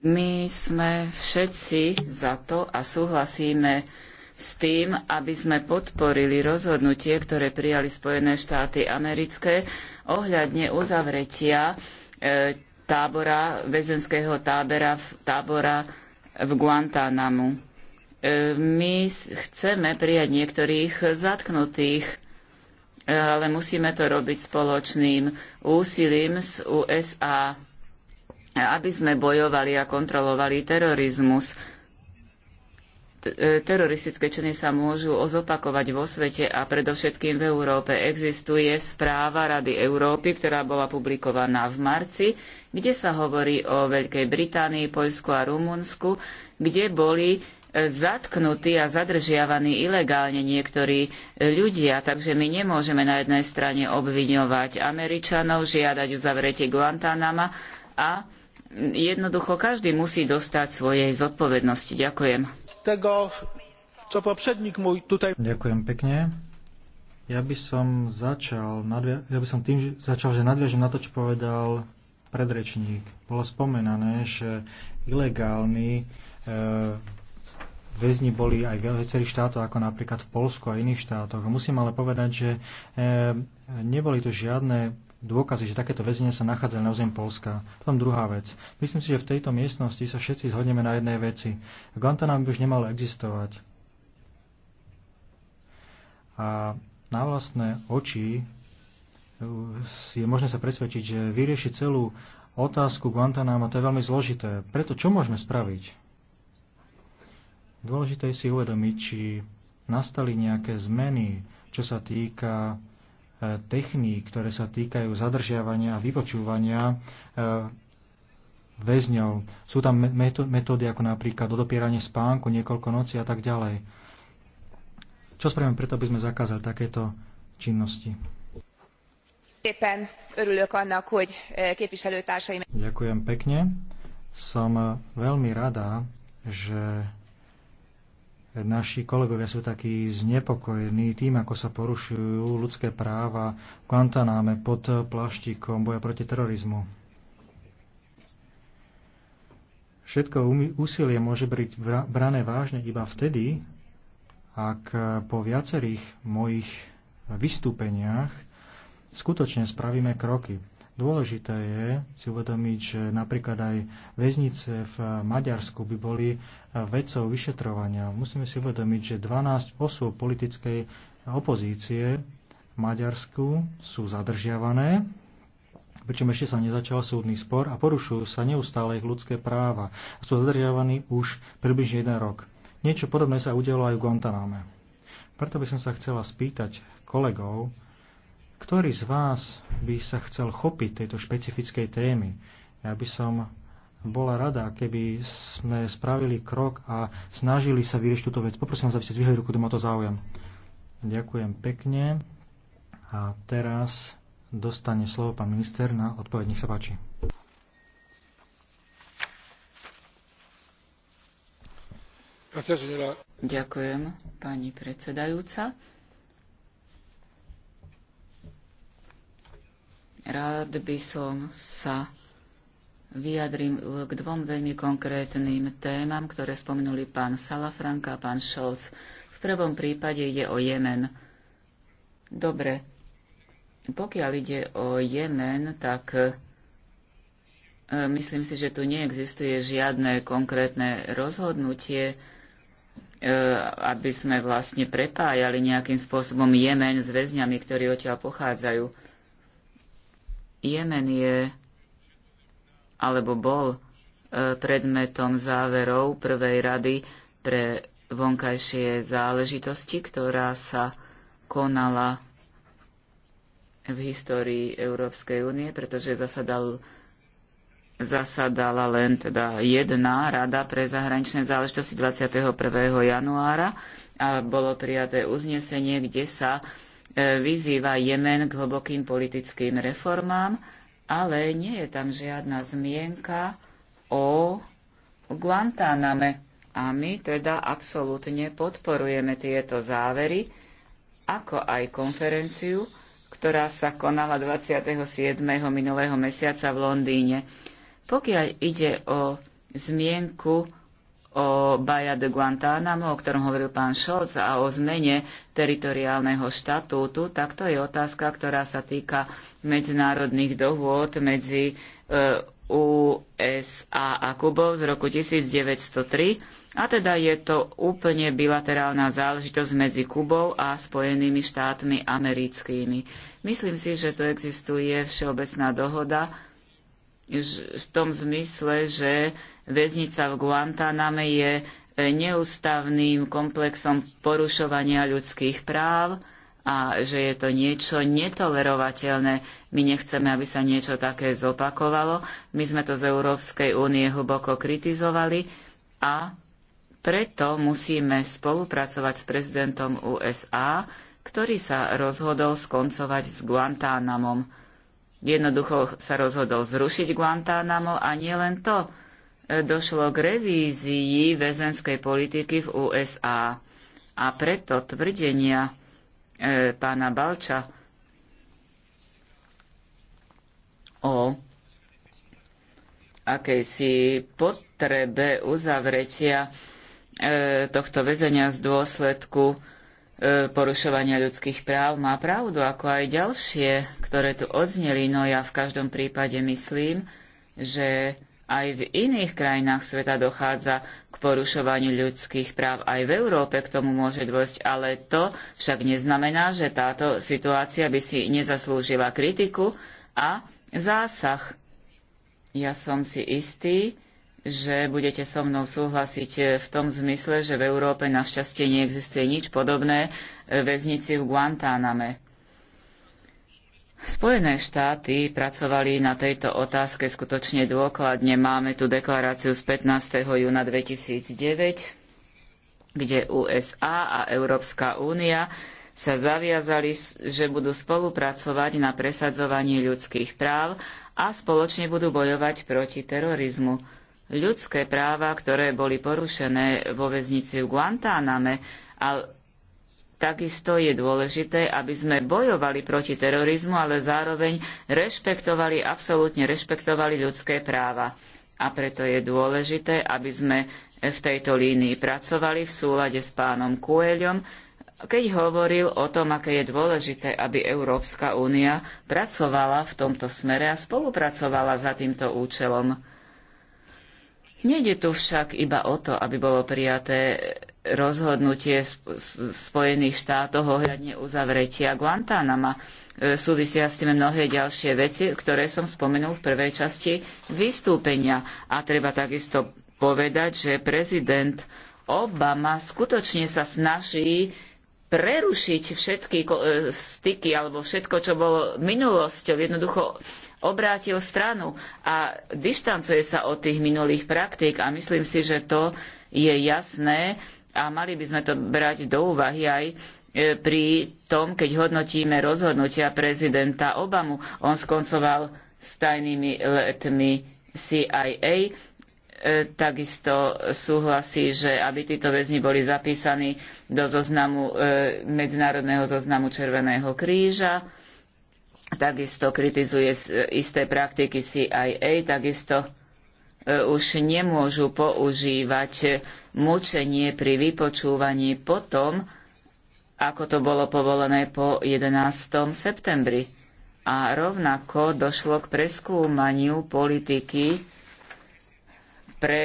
My sme všetci za to a súhlasíme s tým, aby sme podporili rozhodnutie, ktoré prijali Spojené štáty americké ohľadne uzavretia e, tábora, väzenského tábora, tábora v Guantánamu. E, my chceme prijať niektorých zatknutých, e, ale musíme to robiť spoločným úsilím z USA, aby sme bojovali a kontrolovali terorizmus E, teroristické činy sa môžu zopakovať vo svete a predovšetkým v Európe. Existuje správa Rady Európy, ktorá bola publikovaná v marci, kde sa hovorí o Veľkej Británii, Poľsku a Rumunsku, kde boli e, zatknutí a zadržiavaní ilegálne niektorí e, ľudia, takže my nemôžeme na jednej strane obviňovať Američanov, žiadať uzavretie Guantanama a jednoducho každý musí dostať svojej zodpovednosti. Ďakujem tego, co poprzednik mój tutaj... Ďakujem pekne. Ja by som začal, ja by som tým začal, že nadviažem na to, čo povedal predrečník. Bolo spomenané, že ilegálni e, väzni boli aj v viacerých štátoch, ako napríklad v Polsku a iných štátoch. Musím ale povedať, že e, neboli to žiadne dôkazy, že takéto väzenie sa nachádzali na území Polska. Potom druhá vec. Myslím si, že v tejto miestnosti sa všetci zhodneme na jednej veci. Guantanamo by už nemalo existovať. A na vlastné oči eh, je možné sa presvedčiť, že vyriešiť celú otázku Guantanamo to je veľmi zložité. Preto čo môžeme spraviť? Dôležité je si uvedomiť, či nastali nejaké zmeny, čo sa týka techník, ktoré sa týkajú zadržiavania a vypočúvania e, väzňov. Sú tam metódy ako napríklad odopieranie spánku niekoľko noci a tak ďalej. Čo spravíme preto, aby sme zakázali takéto činnosti? E, Ďakujem pekne. Som e, veľmi rada, že naši kolegovia sú takí znepokojení tým, ako sa porušujú ľudské práva v Guantaname pod plaštikom boja proti terorizmu. Všetko úsilie môže byť brané vážne iba vtedy, ak po viacerých mojich vystúpeniach skutočne spravíme kroky. Dôležité je si uvedomiť, že napríklad aj väznice v Maďarsku by boli e, vecou vyšetrovania. Musíme si uvedomiť, že 12 osôb politickej opozície v Maďarsku sú zadržiavané, pričom ešte sa nezačal súdny spor a porušujú sa neustále ich ľudské práva. Sú zadržiavaní už približne jeden rok. Niečo podobné sa udialo aj v Guantaname. Preto by som sa chcela spýtať kolegov, ktorý z vás by sa chcel chopiť tejto špecifickej témy? Ja by som bola rada, keby sme spravili krok a snažili sa vyriešiť túto vec. Poprosím vás, aby ste zvihli ruku, kto má to záujem. Ďakujem pekne. A teraz dostane slovo pán minister na odpoveď. Nech sa páči. Ďakujem, pani predsedajúca. Rád by som sa vyjadrím k dvom veľmi konkrétnym témam, ktoré spomenuli pán Salafranka a pán Scholz. V prvom prípade ide o Jemen. Dobre, pokiaľ ide o Jemen, tak e, myslím si, že tu neexistuje žiadne konkrétne rozhodnutie, e, aby sme vlastne prepájali nejakým spôsobom Jemen s väzňami, ktorí odtiaľ pochádzajú. Jemen je alebo bol e, predmetom záverov prvej rady pre vonkajšie záležitosti, ktorá sa konala v histórii Európskej únie, pretože zasadal, zasadala len teda jedna rada pre zahraničné záležitosti 21. januára a bolo prijaté uznesenie, kde sa E, vyzýva Jemen k hlbokým politickým reformám, ale nie je tam žiadna zmienka o Guantáname. A my teda absolútne podporujeme tieto závery, ako aj konferenciu, ktorá sa konala 27. minulého mesiaca v Londýne. Pokiaľ ide o zmienku o Baja de Guantánamo, o ktorom hovoril pán Šolc a o zmene teritoriálneho štatútu, tak to je otázka, ktorá sa týka medzinárodných dohôd medzi e, USA a Kubou z roku 1903. A teda je to úplne bilaterálna záležitosť medzi Kubou a Spojenými štátmi americkými. Myslím si, že tu existuje všeobecná dohoda, v tom zmysle, že väznica v Guantaname je neústavným komplexom porušovania ľudských práv a že je to niečo netolerovateľné. My nechceme, aby sa niečo také zopakovalo. My sme to z Európskej únie hlboko kritizovali a preto musíme spolupracovať s prezidentom USA, ktorý sa rozhodol skoncovať s Guantánamom. Jednoducho sa rozhodol zrušiť Guantánamo a nie len to. E, došlo k revízii väzenskej politiky v USA. A preto tvrdenia e, pána Balča o akejsi potrebe uzavretia e, tohto väzenia z dôsledku e, E, porušovania ľudských práv má pravdu, ako aj ďalšie, ktoré tu odzneli, no ja v každom prípade myslím, že aj v iných krajinách sveta dochádza k porušovaniu ľudských práv. Aj v Európe k tomu môže dôjsť, ale to však neznamená, že táto situácia by si nezaslúžila kritiku a zásah. Ja som si istý, že budete so mnou súhlasiť e, v tom zmysle, že v Európe našťastie neexistuje nič podobné e, väznici v Guantáname. Spojené štáty pracovali na tejto otázke skutočne dôkladne. Máme tu deklaráciu z 15. júna 2009, kde USA a Európska únia sa zaviazali, že budú spolupracovať na presadzovaní ľudských práv a spoločne budú bojovať proti terorizmu ľudské práva, ktoré boli porušené vo väznici v Guantáname. A takisto je dôležité, aby sme bojovali proti terorizmu, ale zároveň rešpektovali, absolútne rešpektovali ľudské práva. A preto je dôležité, aby sme v tejto línii pracovali v súlade s pánom Kueľom, keď hovoril o tom, aké je dôležité, aby Európska únia pracovala v tomto smere a spolupracovala za týmto účelom. Nejde tu však iba o to, aby bolo prijaté rozhodnutie v Spojených štátoch ohľadne uzavretia Guantánama. E, súvisia s tým mnohé ďalšie veci, ktoré som spomenul v prvej časti vystúpenia. A treba takisto povedať, že prezident Obama skutočne sa snaží prerušiť všetky e, styky alebo všetko, čo bolo minulosťou, jednoducho obrátil stranu a dištancuje sa od tých minulých praktík a myslím si, že to je jasné a mali by sme to brať do úvahy aj e, pri tom, keď hodnotíme rozhodnutia prezidenta Obamu. On skoncoval s tajnými letmi CIA, e, takisto súhlasí, že aby títo väzni boli zapísaní do zoznamu, e, medzinárodného zoznamu Červeného kríža takisto kritizuje isté praktiky CIA, takisto e, už nemôžu používať mučenie pri vypočúvaní potom, ako to bolo povolené po 11. septembri. A rovnako došlo k preskúmaniu politiky pre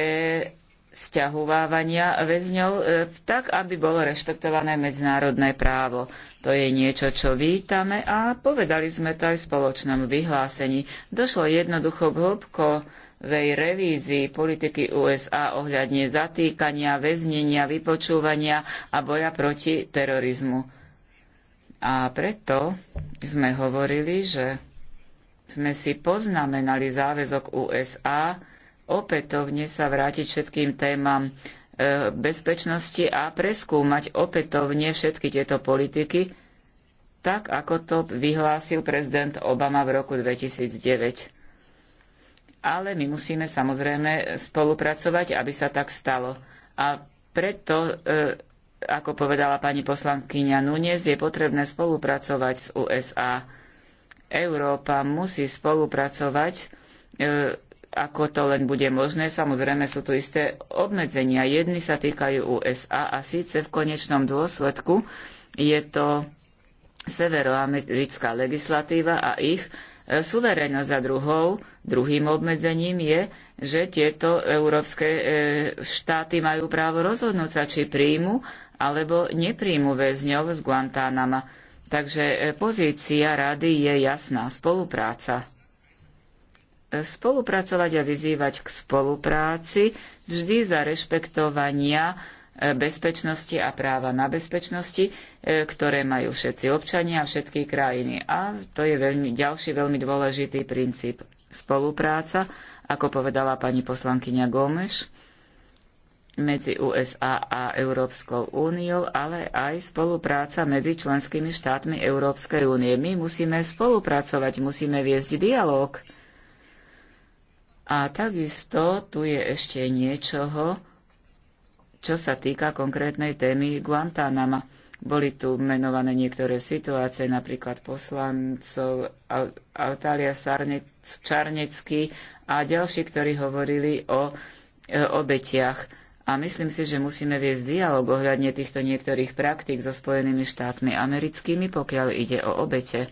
sťahovávania väzňov e, tak, aby bolo rešpektované medzinárodné právo. To je niečo, čo vítame a povedali sme to aj v spoločnom vyhlásení. Došlo jednoducho k hĺbkovej revízii politiky USA ohľadne zatýkania, väznenia, vypočúvania a boja proti terorizmu. A preto sme hovorili, že sme si poznamenali záväzok USA, opätovne sa vrátiť všetkým témam e, bezpečnosti a preskúmať opätovne všetky tieto politiky, tak ako to vyhlásil prezident Obama v roku 2009. Ale my musíme samozrejme spolupracovať, aby sa tak stalo. A preto, e, ako povedala pani poslankyňa Nunes, je potrebné spolupracovať s USA. Európa musí spolupracovať e, ako to len bude možné. Samozrejme sú tu isté obmedzenia. Jedny sa týkajú USA a síce v konečnom dôsledku je to severoamerická legislatíva a ich e, suverénnosť a druhou, druhým obmedzením je, že tieto európske e, štáty majú právo rozhodnúť sa, či príjmu alebo nepríjmu väzňov z Guantánama. Takže e, pozícia rady je jasná. Spolupráca spolupracovať a vyzývať k spolupráci vždy za rešpektovania e, bezpečnosti a práva na bezpečnosti, e, ktoré majú všetci občania a všetky krajiny. A to je veľmi, ďalší veľmi dôležitý princíp spolupráca, ako povedala pani poslankyňa Gomeš, medzi USA a Európskou úniou, ale aj spolupráca medzi členskými štátmi Európskej únie. My musíme spolupracovať, musíme viesť dialog a takisto tu je ešte niečoho, čo sa týka konkrétnej témy Guantánama. Boli tu menované niektoré situácie, napríklad poslancov Altália Čarnecký a ďalší, ktorí hovorili o e, obetiach. A myslím si, že musíme viesť dialog ohľadne týchto niektorých praktík so Spojenými štátmi americkými, pokiaľ ide o obete.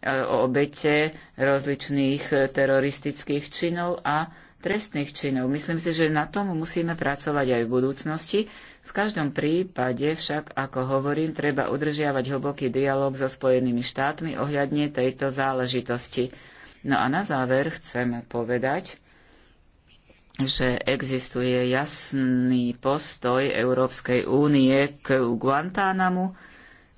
E, o obete rozličných e, teroristických činov a trestných činov. Myslím si, že na tom musíme pracovať aj v budúcnosti. V každom prípade však, ako hovorím, treba udržiavať hlboký dialog so Spojenými štátmi ohľadne tejto záležitosti. No a na záver chcem povedať, že existuje jasný postoj Európskej únie k Guantánamu,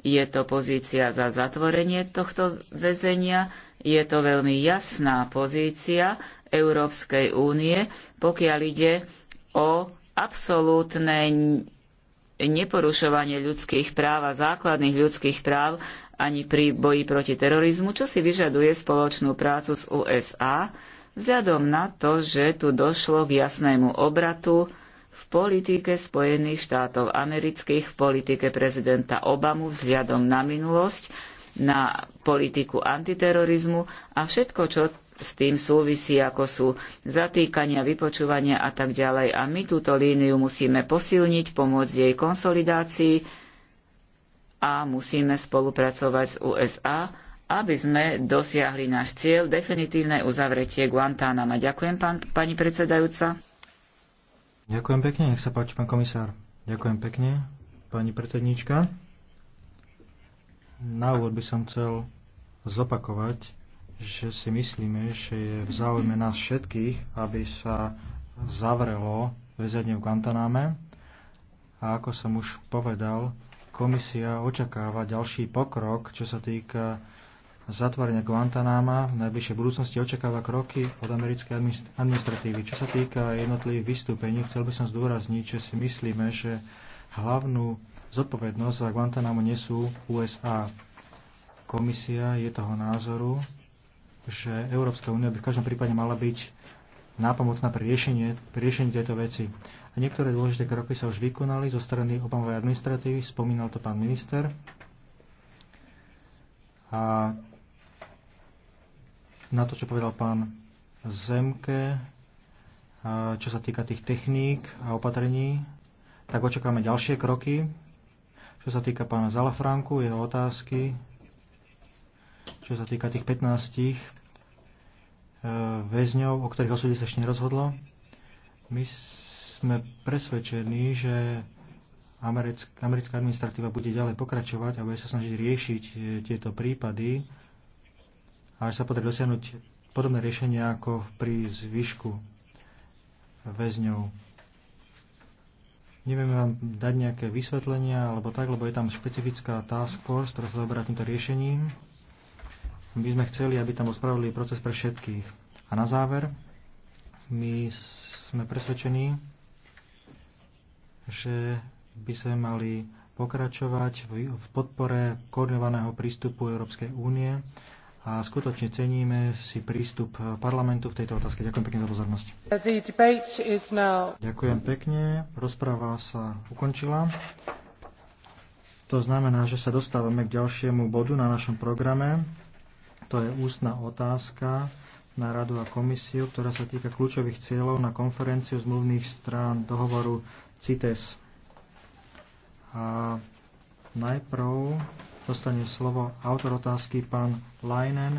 je to pozícia za zatvorenie tohto väzenia, je to veľmi jasná pozícia Európskej únie, pokiaľ ide o absolútne neporušovanie ľudských práv a základných ľudských práv ani pri boji proti terorizmu, čo si vyžaduje spoločnú prácu s USA, vzhľadom na to, že tu došlo k jasnému obratu v politike Spojených štátov amerických, v politike prezidenta Obamu vzhľadom na minulosť, na politiku antiterorizmu a všetko, čo s tým súvisí, ako sú zatýkania, vypočúvania a tak ďalej. A my túto líniu musíme posilniť, pomôcť jej konsolidácii a musíme spolupracovať s USA, aby sme dosiahli náš cieľ, definitívne uzavretie Guantánama. Ďakujem, pán, pani predsedajúca. Ďakujem pekne, nech sa páči, pán komisár. Ďakujem pekne, pani predsedníčka. Na úvod by som chcel zopakovať, že si myslíme, že je v záujme nás všetkých, aby sa zavrelo väzenie v Guantaname. A ako som už povedal, komisia očakáva ďalší pokrok, čo sa týka zatvorenia Guantanáma v najbližšej budúcnosti očakáva kroky od americkej administratívy. Čo sa týka jednotlivých vystúpení, chcel by som zdôrazniť, že si myslíme, že hlavnú zodpovednosť za Guantanamo nesú USA. Komisia je toho názoru, že Európska únia by v každom prípade mala byť nápomocná pri riešení, pri riešení tejto veci. A niektoré dôležité kroky sa už vykonali zo strany Obamovej administratívy, spomínal to pán minister. A na to, čo povedal pán Zemke, čo sa týka tých techník a opatrení, tak očakáme ďalšie kroky. Čo sa týka pána Zalafranku, jeho otázky, čo sa týka tých 15 e, väzňov, o ktorých osudí sa ešte nerozhodlo, my sme presvedčení, že americká administratíva bude ďalej pokračovať a bude sa snažiť riešiť e, tieto prípady a že sa podarí dosiahnuť podobné riešenia ako pri zvyšku väzňov. Nevieme vám dať nejaké vysvetlenia alebo tak, lebo je tam špecifická task force, ktorá sa zaoberá týmto riešením. My sme chceli, aby tam ospravili proces pre všetkých. A na záver, my sme presvedčení, že by sme mali pokračovať v podpore koordinovaného prístupu Európskej únie a skutočne ceníme si prístup parlamentu v tejto otázke. Ďakujem pekne za pozornosť. Ďakujem pekne. Rozpráva sa ukončila. To znamená, že sa dostávame k ďalšiemu bodu na našom programe. To je ústna otázka na radu a komisiu, ktorá sa týka kľúčových cieľov na konferenciu zmluvných strán dohovoru CITES. A najprv dostane slovo autor otázky pán Lajnen.